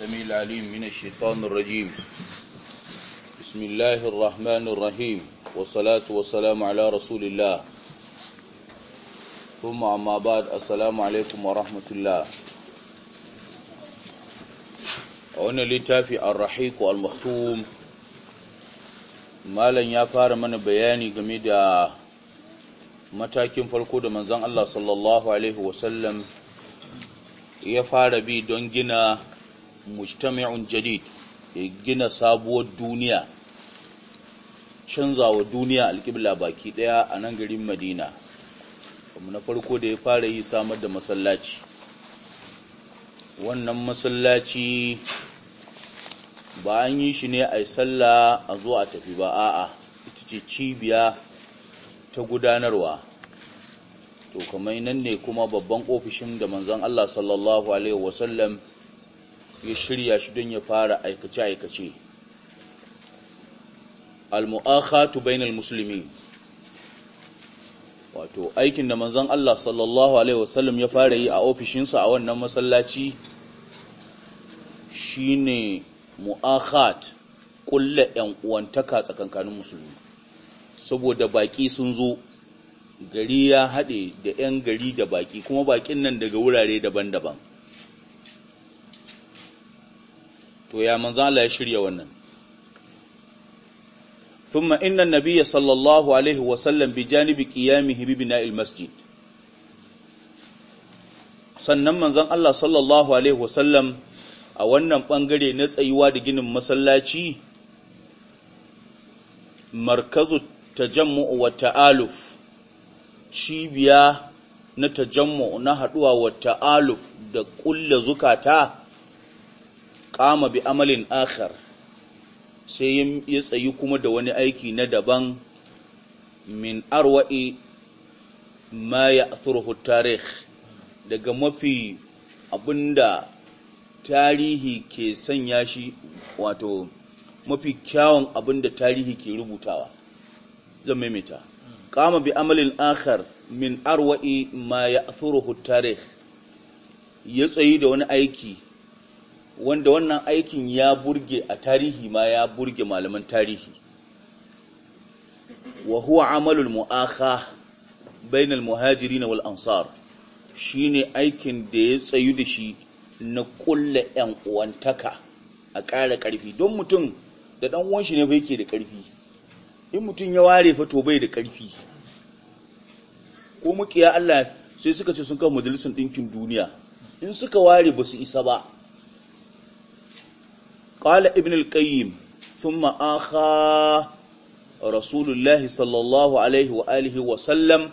السميع العليم من الشيطان الرجيم بسم الله الرحمن الرحيم والصلاة والسلام على رسول الله ثم أما بعد السلام عليكم ورحمة الله wani littafi arrahiku al-maktum malam ya fara mana bayani game da matakin farko da manzon Allah sallallahu alaihi wasallam ya fara bi don gina mujtami'un jadid ya gina sabuwar duniya canzawa duniya alƙibla baki ɗaya a nan garin madina kuma na farko da ya fara yi samar da masallaci wannan masallaci ba an yi shi ne a yi sallah a zo a tafi ba a'a ita ce cibiya ta gudanarwa to kamar nan ne kuma babban ofishin da manzon Allah sallallahu alaihi wasallam ya shirya shi don ya fara aikace-aikace al-mu'akhatu bainal muslimin wato aikin da manzon Allah sallallahu alaihi wasallam ya fara yi a ofishinsa a wannan masallaci shine mu'akhat kulla yan uwantaka tsakankanin musulmi saboda baki sun zo gari ya haɗe da yan gari da baki kuma bakin nan daga wurare daban-daban to ya manzo Allah ya shirya wannan thumma inna an-nabiyya sallallahu alaihi wa sallam bi janibi qiyamihi bi bina'il masjid sannan manzon Allah sallallahu alaihi wa sallam a wannan bangare na tsayuwa da ginin masallaci markazu tajammu wa ta'aluf cibiya na tajammu na haduwa wa ta'aluf da ƙulla zukata qama bi amalin akhar sai ya tsayi kuma da wani aiki na daban min arwa'i ma ya'thuruhu tarikh daga mafi abinda tarihi ke sanya shi wato mafi kyawun abinda tarihi ke rubutawa zan maimaita qama bi amalin akhar min arwa'i ma ya'thuruhu tarikh ya tsayi da wani aiki wanda wannan aikin ya burge a tarihi ma ya burge malaman tarihi wa huwa amalul mu'akha bainal muhajirin wal ansar shine aikin da ya tsayu da shi na kulle yan uwantaka a ƙara ƙarfi don mutum da dan uwan shi ne bai yake da ƙarfi in mutum ya ware fa to bai da ƙarfi ko mukiya Allah sai suka ce sun kawo majalisun ɗinkin duniya in suka ware ba su isa ba qala ibn al-qayyim thumma akha sallallahu alaihi wa wa sallam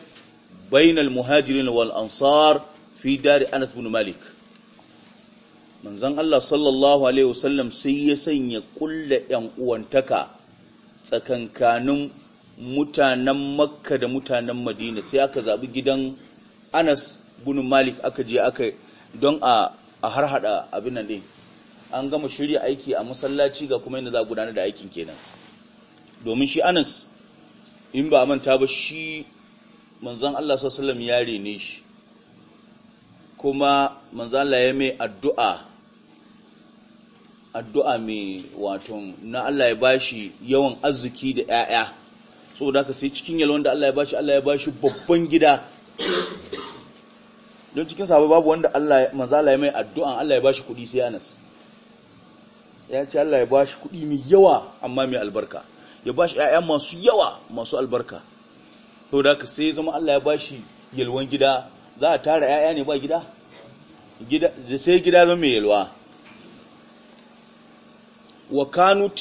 bain muhajirin wal ansar fi dar Anas bin Malik manzon Allah sallallahu alaihi wasallam sai ya sanya ƙulla yan uwantaka tsakankanin mutanen Makka da mutanen Madina sai aka zaɓi gidan Anas bin Malik aka je aka don a harhada abin nan din an gama shirya aiki a masallaci ga kuma yadda za a gudanar da aikin kenan domin shi anas in ba manta ba shi manzan Allah sallallahu ya rene shi kuma manzan Allah ya mai addu'a addu'a mai wato na Allah ya bashi yawan arziki da 'ya'ya saboda haka sai cikin yalwan da Allah ya bashi Allah ya bashi babban gida don cikin sahabbai babu wanda Allah manzon Allah ya mai addu'an Allah ya bashi kuɗi sai Anas ya ce Allah ya ba shi kuɗi mai yawa amma mai albarka ya ba shi ‘ya'ya masu yawa masu albarka to da ka sai zama Allah ya ba yalwan gida za a tara ‘ya'ya ne ba gida sai gida zama mai yalwa wa kanu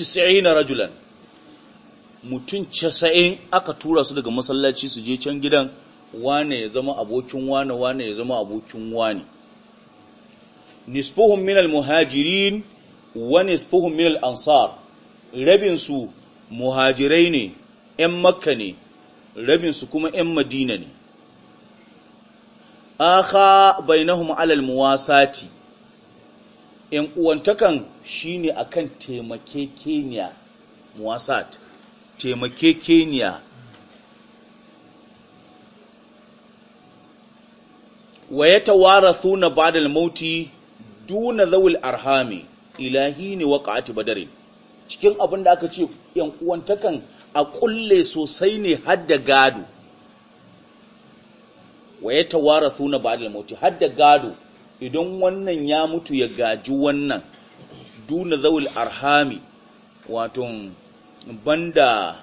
na rajulan mutum casa'in aka tura su daga masallaci su je can gidan wane ya zama abokin wane wane ya zama abokin wane nisfuhum min al-muhajirin wani spuhun mil ansar rabinsu muhajirai ne ‘yan makka ne rabinsu kuma ‘yan madina ne aka bainahum ma'alal muwasati ‘yan uwantakan shi ne a kan keniya muwasat Kenya. wa ya tawara suna ba mauti duna zawul arhami ilahi ne waqa'ati badari cikin abin da aka ce yan a ƙulle sosai ne hadda gado wa ya tawara suna ba da Hadda gado idan wannan ya mutu ya gaji wannan duna zawul arhami wato banda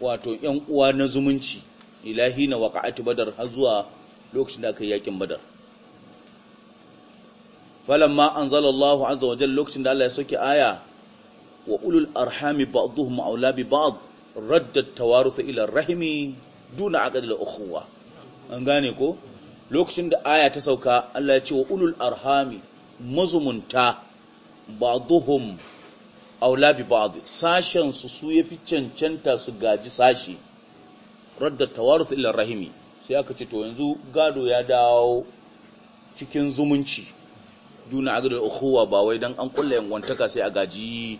wato yan uwa na zumunci ilahi na waqa'ati badar har zuwa lokacin da aka yi yakin badar falamma anzalallahu azza wa jalla lokacin da Allah ya soke aya wa ulul arhami ba'dhum aula bi ba'd raddat tawaruth ila rahimi duna al ukhuwa an gane ko lokacin da aya ta sauka Allah ya ce wa ulul arhami mazumunta ba'dhum aula bi ba'd sashen su su fi cancanta su gaji sashi raddat tawaruth ila rahimi sai aka ce to yanzu gado ya dawo cikin zumunci duna agdal ukhuwa ba wai dan an kulla yankwantaka sai a gaji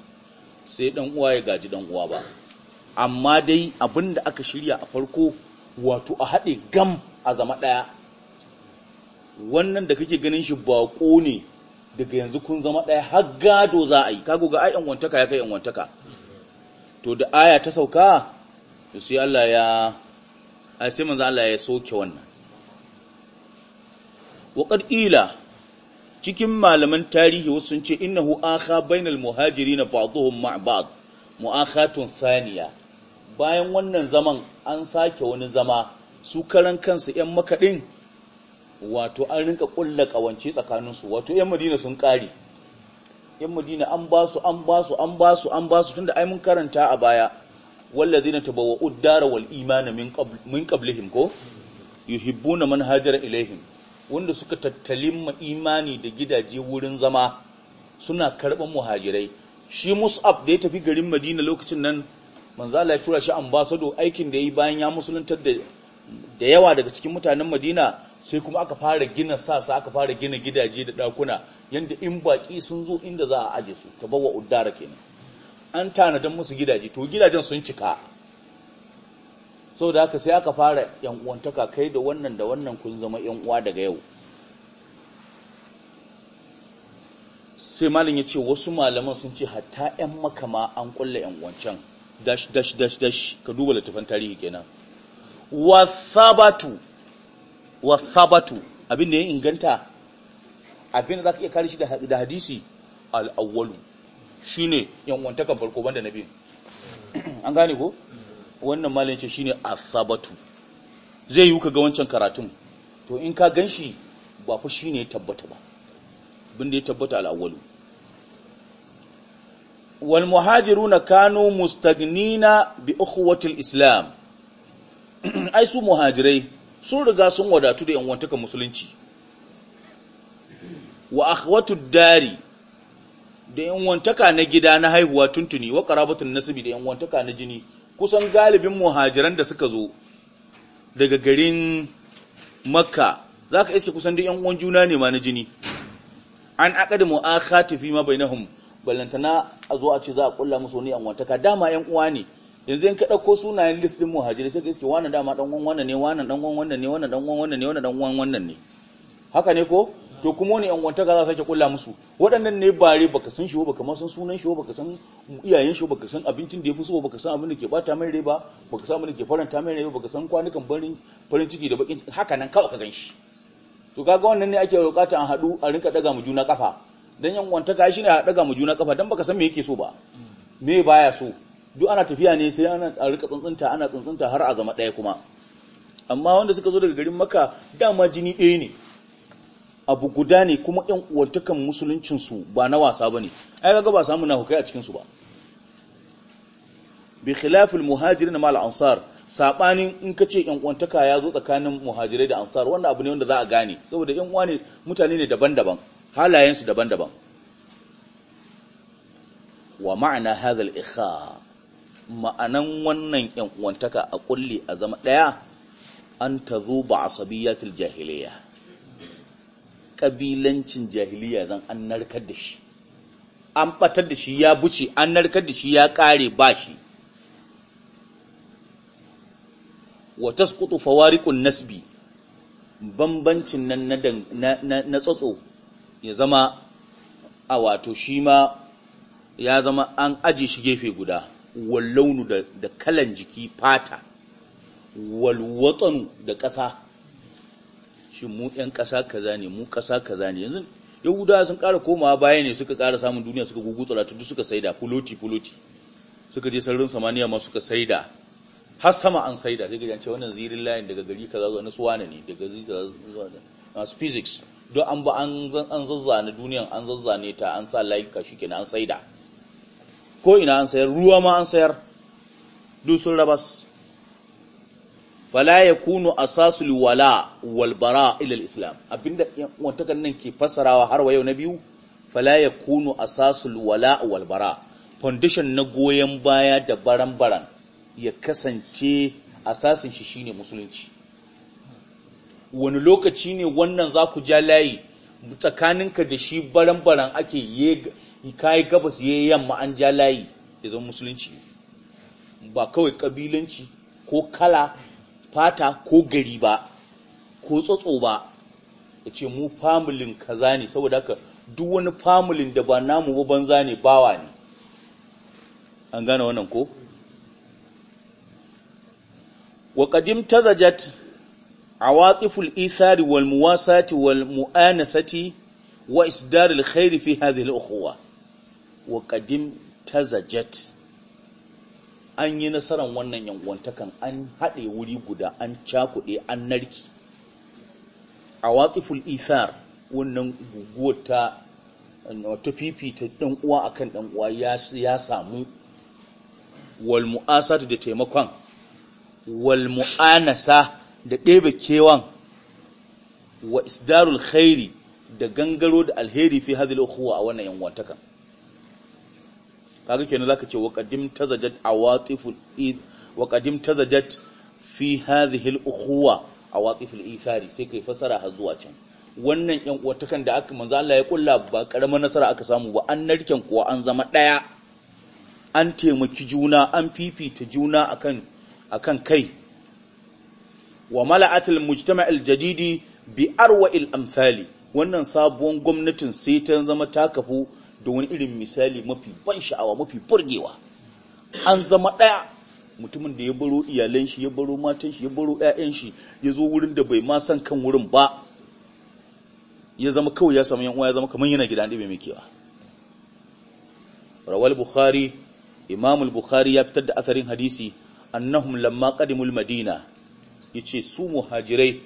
sai dan uwa ya gaji dan uwa ba amma dai abinda aka shirya a farko wato a haɗe gam a zama ɗaya wannan da kake ganin shi bako ne daga yanzu kun zama ɗaya har gado za a yi kago ga ai wantaka ya kai wantaka to da aya ta sauka to sai Allah ya ai sai manzo Allah ya soke wannan wa ila cikin malaman tarihi wasu sun ce innahu akha bainal muhajirin ba'dhum ma' mu'akhatun thaniya bayan wannan zaman an sake wani zama su karan kansu ƴan makaɗin wato an rinka ƙulla ƙawance tsakaninsu wato 'yan madina sun kare ƴan madina an ba su an ba su an ba su an ba su tunda ai mun karanta a baya wallazina tabawwa'u tabawa dara wal imana min qablihim ko yuhibbuna man hajara ilaihim wanda suka tattalin imani da gidaje wurin zama suna karɓar muhajirai shi mus'ab da ya tafi garin madina lokacin nan manzala ya tura shi ambasado aikin da ya yi bayan ya musuluntar da yawa daga cikin mutanen madina sai kuma aka fara gina sasa aka fara gina gidaje da dakuna. yadda in baƙi sun zo inda za a aje su ta bawa uddara kenan an tanadan musu gidaje to gidajen sun cika so da haka sai aka fara yan uwantaka kai da wannan da wannan kun zama yan uwa daga yau sai malin ya ce wasu malaman sun ce hatta yan makama an kulla yan uwancan dash dash dash dash ka duba littafin tarihi kenan wasabatu wasabatu abin da ya inganta abin da zaka iya kare shi da hadisi al-awwalu shine yan uwantakan farko banda na an gane ko wannan malince ce ne asabatu zai yi ga wancan karatun to in ka ganshi ba shi ne ya tabbata ba bin da ya tabbata al muhajiru na Kano kanu mustagnina bi ukhwati islam ai su muhajirai sun riga sun wadatu da 'yanwantaka musulunci wa akhwatu dari da 'yanwantaka na gida na haihuwa tuntuni wa qarabatun nasibi, da 'yanwantaka na jini kusan galibin muhajiran da suka zo daga garin makka za ka iske kusan duk uwan juna ne ma na jini an mu mu'akhati fi ma bainahum ballantana a zo a ce za a kulla musu wani yan Ka dama yan’uwa uwa ne yanzu yin kaɗa ko sunayen listin muhajiri sai ka iske wannan dama ɗan’uwan uwan wannan ne wannan ɗan’uwan uwan wannan ne wannan ɗan’uwan uwan wannan ne uwan wannan ne haka ne ko to kuma wani yan wantaka za sake kulla musu waɗannan ne bare baka san shi baka ma san sunan shi baka san iyayen shi baka san abincin da ya fi so baka san abin da ke bata mai rai ba baka san abin da ke faranta mai rai baka san kwanukan barin farin ciki da bakin haka nan kawai ka ganshi to kaga wannan ne ake bukata a haɗu a rinka daga mu juna kafa dan yan shi shine a daga mu juna kafa dan baka san me yake so ba me baya so duk ana tafiya ne sai ana a rika tsuntsunta ana tsuntsunta har a zama ɗaya kuma amma wanda suka zo daga garin maka dama jini ɗaya ne abu guda ne kuma ƴan uwartakan musuluncinsu ba na wasa ba ne ai ga ba samu hukai a cikinsu ba bi khilafil muhajirin mal ansar sabanin in ka ce ƴan uwantaka ya zo tsakanin muhajirai da ansar wannan abu ne wanda za a gane saboda yan uwa ne mutane ne daban-daban halayensu daban-daban wa ma'ana hadha ikha ma'anan wannan ƴan uwantaka a kulli a zama daya an tazuba asabiyatil jahiliya ƙabilancin jahiliya zan an narkar da shi an batar da shi ya buce an narkar da shi ya ƙare ba shi wa tasqutu fawariqun nasbi bambancin nan na na tsotso ya zama a wato shi ma ya zama an aje shi gefe guda wal launu da kalan jiki fata wal da ƙasa shi mu ɗan ƙasa kaza ne mu ƙasa kaza ne yanzu yahudawa sun ƙara komawa baya ne suka ƙara samun duniya suka gugu ta duk suka saida fuloti fuloti suka je sararin samaniya ma suka saida har sama an saida sai gajan wannan zirin layin daga gari kaza zuwa na suwana ne daga gari kaza zuwa masu physics don an ba an zazzane duniyan an zazzane ta an sa layuka shi kenan an saida ko ina an sayar ruwa ma an sayar duk sun rabas fala yakunu asasul wala wal bara ila islam abinda wata nan ke fassarawa har yau na biyu fala yakunu asasul wala wal bara foundation na goyon baya da baran-baran ya kasance asasin shi shine musulunci wani lokaci ne wannan za ku ja layi tsakaninka da shi baran-baran ake yi kayi gabas ya yamma an ja layi ya zama musulunci ba kawai kabilanci ko kala fata ko gari ba ko tsotso ba ya ce mu familin kaza ne saboda haka duk wani famulin da ba namu ba banza ne bawa ne an gane wannan ko wa qadim tazajat awatiful isari wal muwasati wal mu'anasati wa isdaril khairi fi hadhihi al ukhwa wa qadim tazajat an yi nasarar wannan yankwantakan an haɗe wuri guda an cakuɗe an narki a waƙiful isar wannan guguwar ta wata fifita ɗan uwa akan ɗan uwa ya samu walmu'asa da taimakon walmu'anasa da ɗebe kewan wa isdarul khairi da gangaro da alheri fi hadhihi al a wannan yankwantakan kaga kenan zaka ce waqadim qadim tazajat awatiful id waqadim tazajat fi hadhihi al-ukhuwa awatiful ithari sai kai fasara har zuwa can wannan yan uwatakan da aka manzo Allah ya kulla ba karaman nasara aka samu ba an narken kuwa an zama daya an taimaki juna an fifita juna akan akan kai wa mala'atul mujtama' al-jadidi bi arwa'il amthali wannan sabuwar gwamnatin sai ta zama ta kafu da wani irin misali mafi ban sha'awa mafi burgewa an zama ɗaya mutumin da ya baro iyalan shi ya baro matan shi ya baro ƴaƴan shi ya zo wurin da bai ma san kan wurin ba ya zama kawai ya samu uwa ya zama kamar yana gidan ɗibe mai kewa rawal bukhari imam bukhari ya fitar da asarin hadisi annahum lamma qadimul madina yace su muhajirai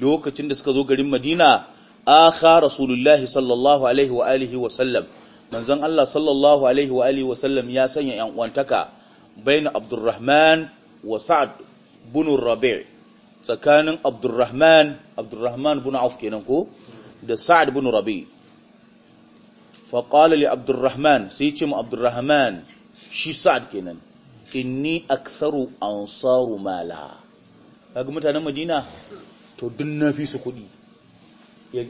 lokacin da suka zo garin madina akha rasulullahi sallallahu alaihi wa alihi wa sallam manzon Allah sallallahu alaihi wa alihi wa sallam ya sanya yan uwantaka bayin Abdurrahman wa Sa'd bin Rabi' tsakanin Abdurrahman Abdurrahman bin Auf kenan ko da Sa'd bin Rabi' fa qala li Abdurrahman sai ce mu Abdurrahman shi Sa'd kenan inni aktharu ansaru mala kaga mutanen Madina to dun nafi su kudi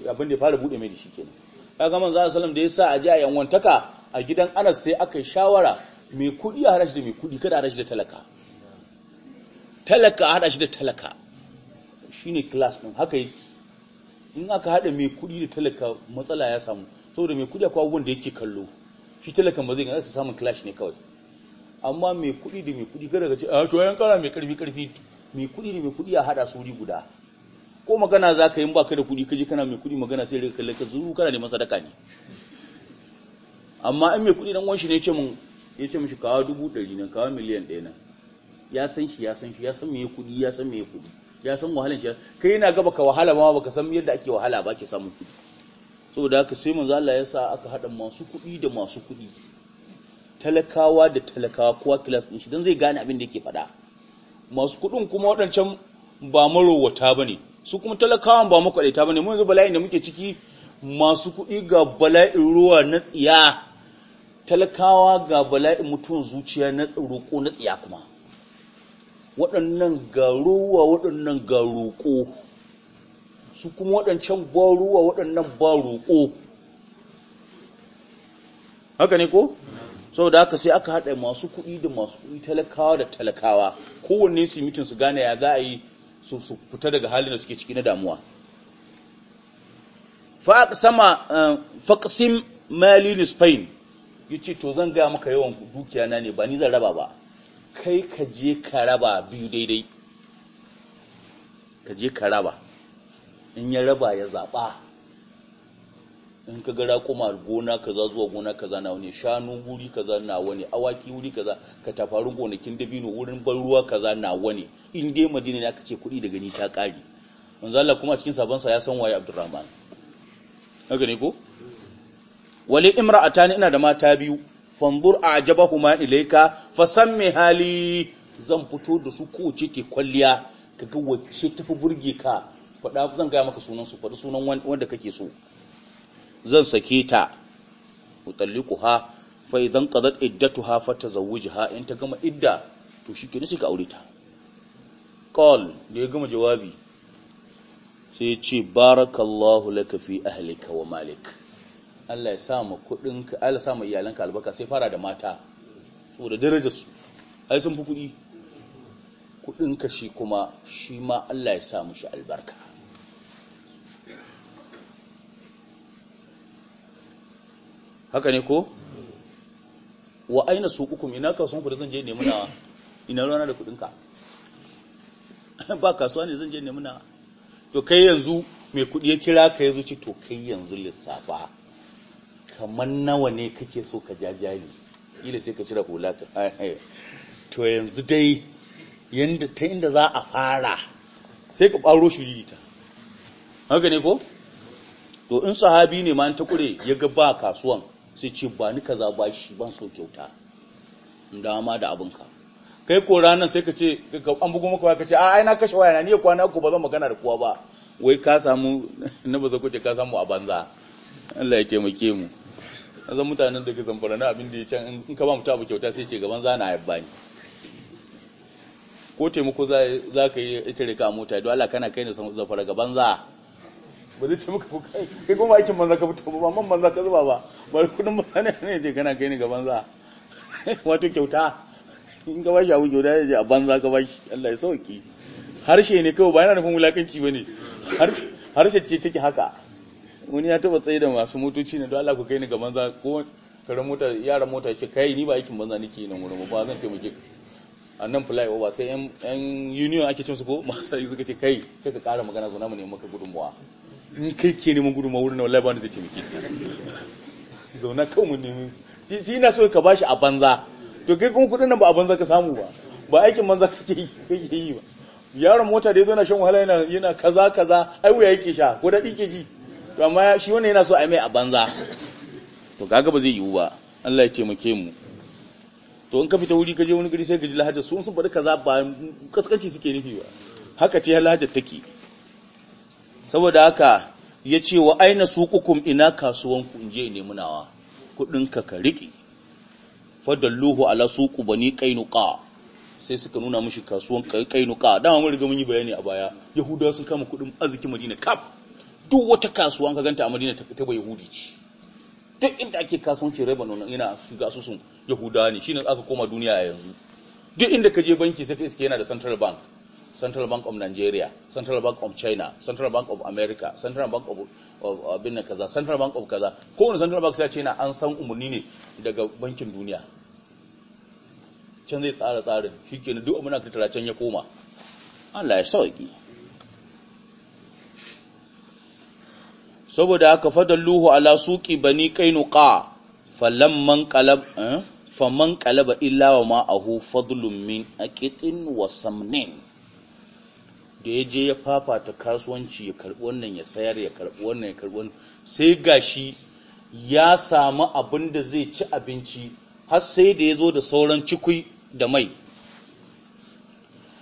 abin da ya fara bude mai da shi kenan kaga manzo sallallahu alaihi da ya sa a ji a yanwantaka a gidan Anas sai aka yi shawara mai kudi a hada shi da mai kudi kada a hada shi da talaka talaka a hada shi da talaka shine class din haka yake in aka hada mai kudi da talaka matsala ya samu saboda mai kudi akwai abubuwan da yake kallo shi talakan ba zai gana samun clash ne kawai amma mai kudi da mai kudi kada ka ce a ah, to yan kara mai karfi karfi mai kudi da mai kudi a hada su guda ko magana za ka yi ba ka da kuɗi ka je kana mai kuɗi magana sai rika kallon ka zuru kana neman sadaka ne amma in mai kuɗi dan wanshi ne ce mun ya ce mishi kawo dubu ɗari nan kawo miliyan ɗaya nan ya san shi ya san shi ya san me kuɗi ya san me kuɗi ya san wahalar shi kai yana gaba ka wahala ma baka san yadda ake wahala ba ke samun kuɗi saboda haka sai manzo Allah ya sa aka hada masu kuɗi da masu kuɗi talakawa da talakawa kowa class din shi dan zai gane abin da yake faɗa masu kuɗin kuma waɗancan ba marowata bane su kuma talakawan ba makwadaita bane mu yanzu bala'in da muke ciki masu kuɗi ga bala'in ruwa na tsiya talakawa ga bala'in mutuwan zuciya na roƙo na tsiya kuma waɗannan ga ruwa waɗannan ga roƙo su kuma waɗancan ba ruwa waɗannan ba roƙo haka ne ko saboda haka sai aka haɗa masu kuɗi da masu kuɗi talakawa da talakawa kowanne su mitin su gane ya za a yi su su fita daga halin da suke ciki na damuwa faqsama eh, faqsim mali nisfain yace to zan ga maka yawan dukiya na ne ba ni zan raba ba kai ka je ka raba biyu daidai ka je ka raba in ya raba ya zaba in ka ga kuma gona kaza zuwa gona kaza na wani shanu wuri kaza na wani awaki wuri kaza ka tafaru gonakin dabino wurin ban ruwa kaza na wani in dai madina ne aka ce kuɗi da gani ta ƙari manzo Allah kuma cikin sabon sa ya san waye Abdurrahman haka ne ko wali imra'atani ina da mata biyu fanzur a'jabahuma ilayka fasammi hali zan fito da su kowace ke kwalliya ka kaga ta tafi burge ka faɗa zan ga maka sunan su faɗi sunan wanda kake so zan sake ta utalliquha fa idan qadat iddatuha fatazawwajha in ta gama idda to shikenan sai ka aure ta qal da ya gama jawabi sai ya ce barakallahu lakafi fi ahlika wa malik Allah ya sa ma kudinka Allah ya sa iyalanka albarka sai fara da mata saboda darajarsu ai sun fi kudi kudinka shi kuma shi ma Allah ya sa shi albarka haka ne ko wa aina uku ina kasuwan ku da zan je nemi nawa ina rana da kudinka ba kasuwa ne zan je nemi nawa to kai yanzu mai kudi ya kira ka yanzu ci to kai yanzu lissafa kamar nawa ne kake so ka jajali ila sai ka cire hula ka eh, eh. to yanzu dai yanda ta inda za a fara sai ka ɓaro shi ta haka ne ko to in sahabi ne ma ta kure ya ga ba kasuwan sai ce ba ni kaza ba shi ban so kyauta dama da abinka kai ko ranar sai ka ce an bugu maka waya ka ce a ai na kashe waya na ni kwana ko ba zan magana da kowa ba wai ka samu na ba kuce ka samu a banza Allah ya taimake mu zan mutanen da ke zamfara na abin da ya can in ka ba mutu abu kyauta sai ce gaban na yabba ni ko taimako za ka yi ita rika mota don Allah kana kai ne zamfara gaban za ba zai ce maka ko kai kai kuma aikin manza ka fito ba man manza ka zuba ba bari kudin banza ne ne je kana kai ni ga banza wato kyauta in ga bashi abu kyauta ya je a banza ka bashi Allah ya sauki harshe ne kawai ba yana nufin wulakanci bane harshe harshe ce take haka wani ya taba tsaye da masu motoci ne don Allah ku kai ni ga banza ko karen mota yaran mota ce kai ni ba aikin banza nake nan wurin ba zan taimake ka a nan fly over sai yan union ake cin su ko masu suka ce kai kai ka kara magana zo namu ne maka gudunmuwa in kai ke neman gudunma wurin na wallahi ba wanda zai taimake zauna kawai mu nemi shi ina so ka bashi a banza to kai kuma kudin nan ba a banza ka samu ba ba aikin banza kake yi ba yaron mota da ya zo na shan wahala yana yana kaza kaza ai wuya yake sha ko daɗi ke ji to amma shi wannan yana so a mai a banza to kaga ba zai yiwu ba Allah ya taimake mu to in ka fita wuri ka je wani gari sai ka ji lahajar sun sun faɗi kaza ba kaskanci suke nufi ba haka ce lahajar take saboda haka ya ce wa aina suqukum ina kasuwanku inje ne munawa kuɗinka ka riƙe fadalluhu ala suqu bani qainuqa sai suka nuna mishi kasuwan qainuqa dama mun riga mun yi bayani a baya yahudawa sun kama kuɗin arziki madina kaf duk wata kasuwa ka ganta a madina ta taba yahudi ce duk inda ake kasuwanci nuna ina yana shiga asusun yahudawa ne shine aka koma duniya a yanzu duk inda ka je banki sai ka iske yana da central bank central bank of nigeria central bank of china central bank of america central bank of abin kaza central bank of kaza kowane central bank sai china an san umarni ne daga bankin duniya can zai tsara tsarin shi ke duk abin aka tattara can ya koma allah ya sauki saboda aka luhu ala suki bani kainuka man kalab eh, faman qalaba illa wa ma'ahu fadlun min aqitin wa samnin da ya je ya fafata kasuwanci ya karɓi wannan ya sayar ya karɓi wannan ya karɓi wannan sai gashi ya samu abin da zai ci abinci har sai da ya zo da sauran cikui da mai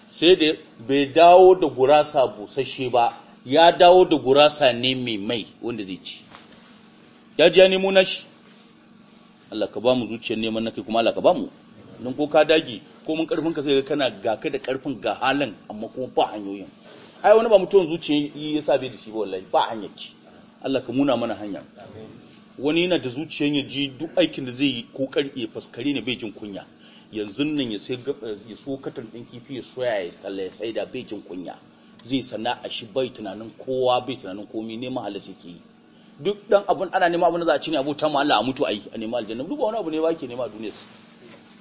sai da bai dawo da gurasa busasshe ba ya dawo da gurasa ne mai mai wanda zai ci ya ji ya nemo nashi Allah ka ba mu zuciyar neman na kai kuma Allah ka ba mu don ko ka dagi komin karfin ka sai ga kana ga ka da karfin ga halin amma kuma ba hanyoyin ai wani ba mutuwan zuciya yi ya sa bai da shi ba wallahi ba hanyaki Allah ka muna mana hanya wani yana da zuciya ya ji duk aikin da zai yi kokari ya faskare ne bai jin kunya yanzu nan ya sai ya so katan din kifi ya soya ya tsalle sai saida bai jin kunya zai sana'a shi bai tunanin kowa bai tunanin komai ne mahalla suke yi duk dan abun ana neman abun da za a ci ne abu ta ma Allah a mutu ai a neman aljanna duk wani abu ne ba ke nema duniyar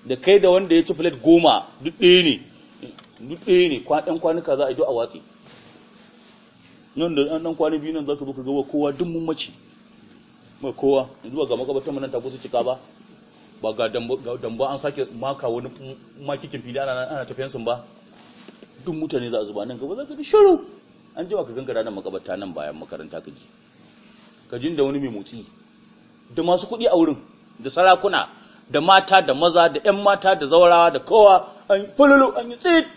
da kai da wanda ya ci plate goma duk ɗaya ne duk ɗaya ne ɗan kwanuka za a yi duk a watsi nan da ɗan kwani biyu nan za ka zo ka gawa kowa duk mun mace mai kowa zuwa ga makabatan manan taku su cika ba ba ga damba an sake maka wani makikin fili ana ana tafiyan sun ba duk mutane za a zuba nan gaba za ka shiru an jima ka gangara nan makabata nan bayan makaranta ka ji ka jin da wani mai motsi da masu kuɗi a wurin da sarakuna da mata da maza da ‘yan mata da zaurawa da kowa an fululu an yi tsit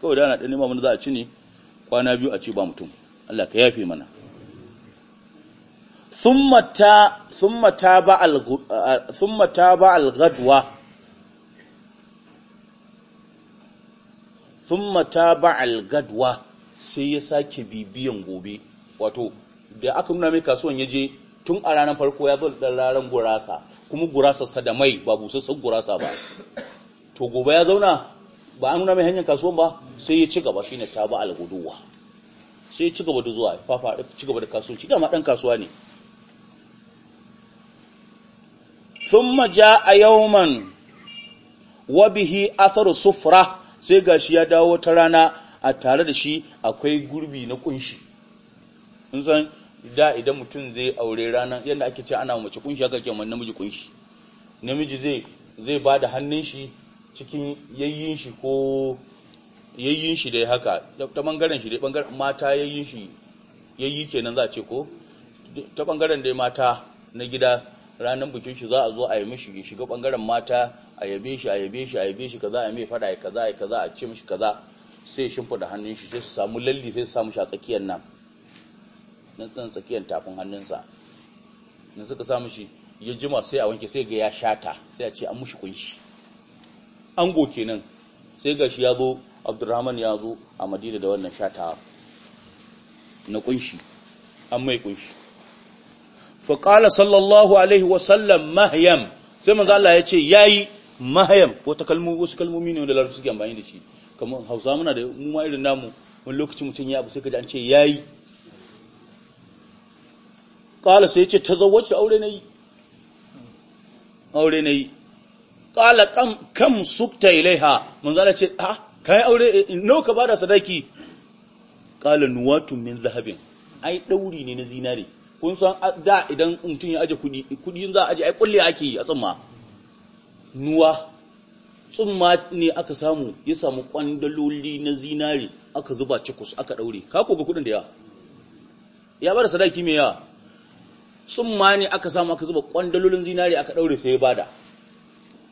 kawai da ana ɗan nema za a ci ne kwana biyu a ci ba mutum Allah ka yafe mana Sun mata ba al sun mata ba al sai ya sake bibiyan gobe wato da aka nuna mai kasuwan ya je tun a ranar farko ya zo ɗan ranar gurasa kuma gurasarsa da mai ba busassun gurasa ba to gobe ya zauna ba an nuna mai hanyar kasuwan ba sai ya ci gaba shi ne ta ba alguduwa sai ya ci gaba da zuwa fafa ci gaba da kasuwanci dama ɗan kasuwa ne sun maja a yawman wabihi asaru sufra sai gashi ya dawo ta rana a tare da shi akwai gurbi na kunshi in san da idan mutum zai aure rana yadda ake ce ana mace kunshi haka ke namiji kunshi namiji zai zai ba da hannun shi cikin yayyin shi ko yayyin shi dai haka ta bangaren shi dai bangaren mata yayyin shi yayyi kenan za a ce ko ta bangaren dai mata na gida ranar bikin shi za a zo a yi mishi shiga bangaren mata a yabe shi a yabe shi a yabe shi kaza a mai fada ya kaza ya kaza a ce mishi kaza sai shimfida hannun shi sai su samu lalli sai su samu shi a tsakiyar nan na tsan tsakiyar tafin hannunsa na suka samu shi ya jima sai a wanke sai ga ya shata sai a ce an mushi kunshi an goke nan sai ga shi ya zo abdurrahman ya zo a madina da wannan shata na kunshi an mai kunshi faƙala sallallahu alaihi wasallam mahayam sai manzo Allah ya ce yayi mahayam wata kalmomi wasu kalmomi ne da larabci suke amfani da shi kamar hausa muna da mu ma irin namu wani lokacin mutum ya abu sai ka ji an ce yayi ƙala sai ce ta zawace aure na yi aure na yi ƙala kam sukta ilaiha manzana ce ha ah, ka yi aure eh, nau ka ba da sadaki ƙala nuwatun min zahabin ai ɗauri ne na zinare kun san da idan mutum ya aje kudi kudi za a aje ai kulle ake yi a tsumma nuwa tsumma ne aka samu ya samu kwandaloli na zinare aka zuba cikus aka ɗaure. ka koga kudin da yawa ya bada sadaki mai yawa sun ma ne aka samu aka zuba kwandalolin zinari aka daure sai ya bada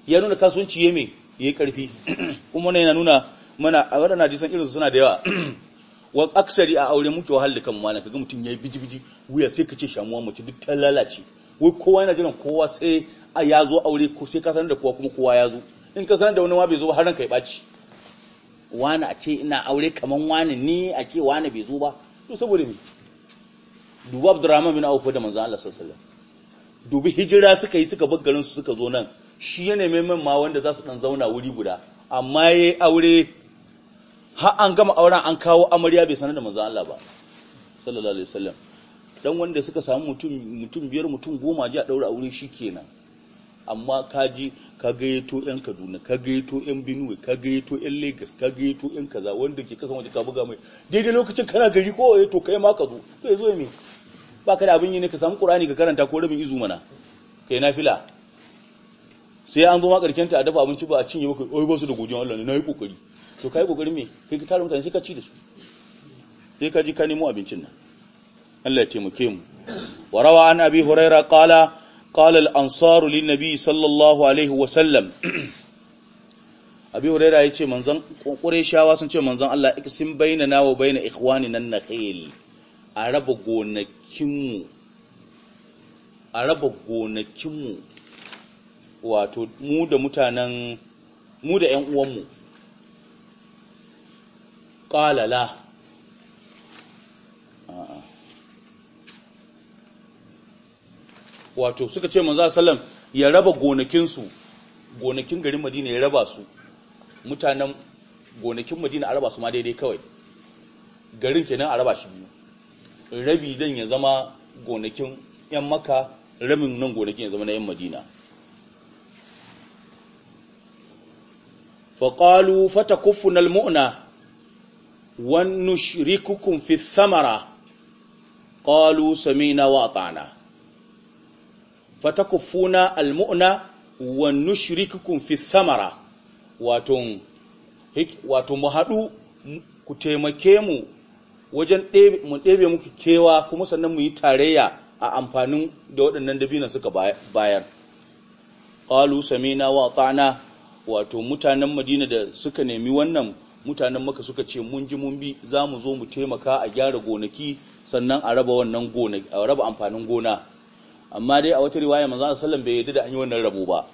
ya nuna kasuwanci ya me yayi karfi kuma ne yana nuna mana a ji san irin su suna da yawa wa aksari a aure muke wahal da kanmu ka ga mutum yayi biji-biji wuya sai ka ce shamuwa mace duk ta lalace wai kowa yana jiran kowa sai ya zo aure ko sai ka sanar da kowa kuma kowa ya zo in ka sanar da wani ma bai zo ba har ranka ya baci wani a ce ina aure kaman wani ni a ce wani bai zo ba to saboda me dubu abdurrahman bin auf da manzon Allah sallallahu alaihi wasallam dubi hijira suka yi suka bar garin su suka zo nan shi yana man ma wanda za su dan zauna wuri guda amma yayi aure har an gama auren an kawo amarya bai sanar da manzon Allah ba sallallahu alaihi wasallam dan wanda suka samu mutum mutum biyar mutum goma ji a daura shi shikenan amma kaji ka gayyato yan kaduna ka gayyato yan benue ka gayyato yan lagos ka gayyato yan kaza wanda ke kasan waje ka buga mai daidai lokacin kana gari ko ya eh, to kai ma ka zo to ya zo me ba ka da abin yi ne ka samu qur'ani ka karanta ko rabin izu mana kai nafila sai an zo ma karken ta a dafa abinci ba a cinye ba kai ba su da godiyan Allah ne nayi kokari to kai kokari me kai ka tara mutane sai ka ci da su sai ka ji ka nemo abincin nan Allah ya taimake mu rawa an abi هريرة قال قال الأنصار للنبي صلى الله عليه وسلم abi huraira ya ce manzan ƙureshawa sun ce manzan Allah sin baina na wa baina ikhwani nan na khil a raba gonakinmu a wato mu da mutanen mu da uwanmu qala wato suka ce manzo sallam ya raba gonakinsu gonakin garin madina ya raba su mutanen gonakin madina a raba su ma daidai kawai garin kenan a raba shi biyu rabi dan ya zama gonakin yan maka rabin nan gonakin ya zama na yan madina faƙalu fata kufunan mu'na wannan shirikukun fi samara ƙalu sami na waɗana fatakufuna almu'na wa nushrikukum fi thamara wato wato mu hadu ku taimake mu wajen mu ɗebe muku kewa kuma sannan mu yi tarayya a amfanin da waɗannan dabina suka bayar qalu samina wa ta'na wato mutanen Madina da suka nemi wannan mutanen maka suka ce mun ji mun bi za mu zo mu taimaka a gyara gonaki sannan a raba wannan gona a raba amfanin gona amma dai a wata riwaya manzo sallam bai yadda da an yi wannan rabo ba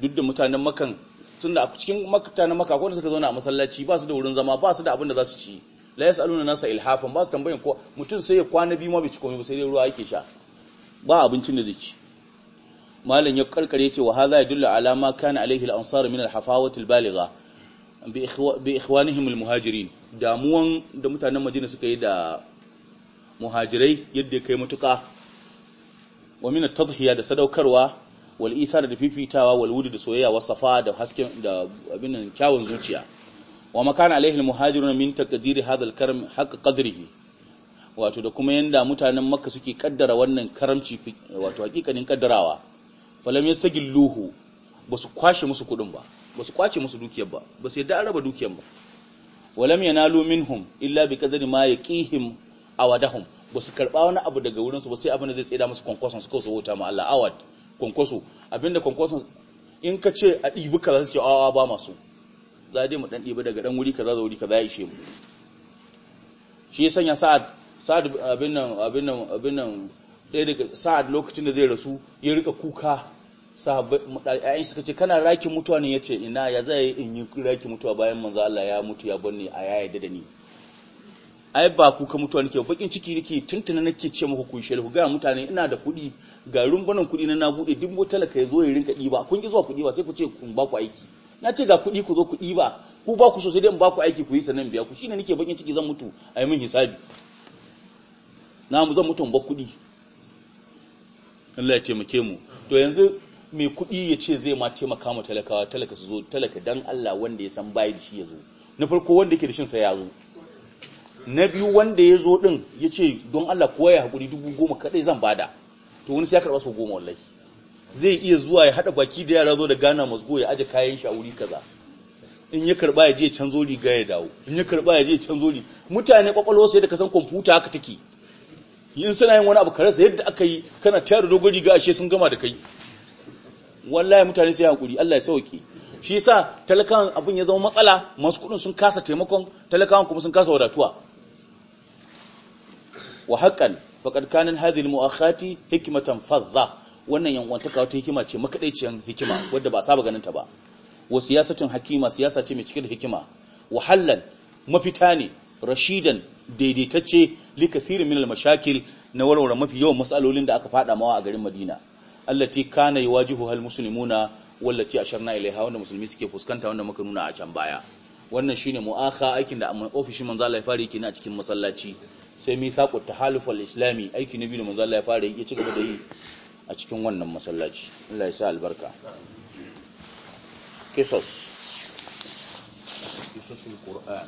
duk da mutanen makan tunda a cikin mutanen makka ko suka zauna a masallaci ba su da wurin zama ba su da abin da za su ci la yasaluna nasa ilhafan ba su tambayin ko mutum sai ya kwana biyu ma bai ci komai ba sai dai ruwa yake sha ba abincin da zai ci malam ya karkare ce wa hadha yadullu ala ma kana alaihi al-ansar min al-hafawati al-baligha bi ikhwanihim al-muhajirin damuwan da mutanen madina suka yi da muhajirai yadda kai mutuka wa mina tadhiya da sadaukarwa wal isar da fifitawa wal wudu da soyayya wa safa da hasken da abin kyawun zuciya wa makana alaihi al-muhajirun min taqdiri hadha al-karam haqq qadrihi wato da kuma yanda mutanen makka suke kaddara wannan karamci wato hakikanin kaddarawa falam yastagilluhu basu kwashe musu kudin ba basu kwace musu dukiyar ba basu yadda an raba dukiyar ba walam yanalu minhum illa bi qadri ma yaqihim awadahum ba su karɓa wani abu daga wurinsu ba sai abin da zai tsira musu kwankwason su kawo su wuta ma'ala, Allah awad kwankwaso abinda kwankwason in ka ce a ɗibi kaza su ce awa ba masu za dai mu ɗan ɗibi daga ɗan wuri kaza da wuri kaza ya ishe mu shi ya sanya sa'ad sa'ad abin nan abin nan abin nan ɗaya daga sa'ad lokacin da zai rasu ya rika kuka sahabbai suka ce kana rakin mutuwa ne yace ina ya zai in yi rakin mutuwa bayan manzo Allah ya mutu ya banni a ya da ni ai ba ku ka mutuwa nake bakin ciki nake tuntuna nake ce muku ku shi ga mutane ina da kuɗi ga rumbunan kuɗi na na bude duk talaka ya zo ya rinka ɗiba kun ki zuwa kuɗi ba sai ku ce ku ba ku aiki na ce ga kuɗi ku zo ku ɗiba ku ba ku so sai dai in ba ku aiki ku yi sanan biya ku shine nake bakin ciki zan mutu a mun hisabi na mu zan mutu ba kuɗi Allah ya taimake mu to yanzu mai kuɗi ya ce zai ma taimaka ma talakawa talaka su zo talaka dan Allah wanda ya san bai da shi ya zo na farko wanda yake da shin sa ya zo na biyu wanda ya zo din ya ce don Allah kowa ya haƙuri dubu goma kaɗai zan bada to wani sai ya karɓa su goma wallahi zai iya zuwa ya haɗa baki da yara zo da gana masgo ya aje kayan shi a wuri kaza in ya karɓa ya je can zoli ga ya dawo in ya karɓa ya je can zoli mutane ƙwaƙwalwa sai yadda ka san kwamfuta haka take in suna yin wani abu karasa yadda aka yi kana tayar dogon riga ashe sun gama da kai wallahi mutane sai hakuri Allah ya sauke shi yasa talakawan abin ya zama matsala masu kuɗin sun kasa taimakon talakawan kuma sun kasa wadatuwa wa haqqan faqad kana hadhihi almu'akhati hikmatan wannan yankwantaka wata hikima ce makadaiciyan hikima wadda ba saba ganin ta ba wa siyasatun hakima siyasa ce mai cike da hikima wahalan mafita ne rashidan daidaitacce likasirin min almashakil na warware mafi yawan matsalolin da aka fada mawa a garin Madina allati kana yuwajihu hal muslimuna wallati asharna ilaiha wanda musulmi suke fuskanta wanda muka nuna a can baya wannan shine mu'akha aikin da ofishin manzo Allah ya fara yake ne a cikin masallaci sai mithaqu tahalufal islami aiki na biyu da manzo Allah ya fara yake cigaba da yi a cikin wannan masallaci Allah ya sa albarka kisos qisasul qur'an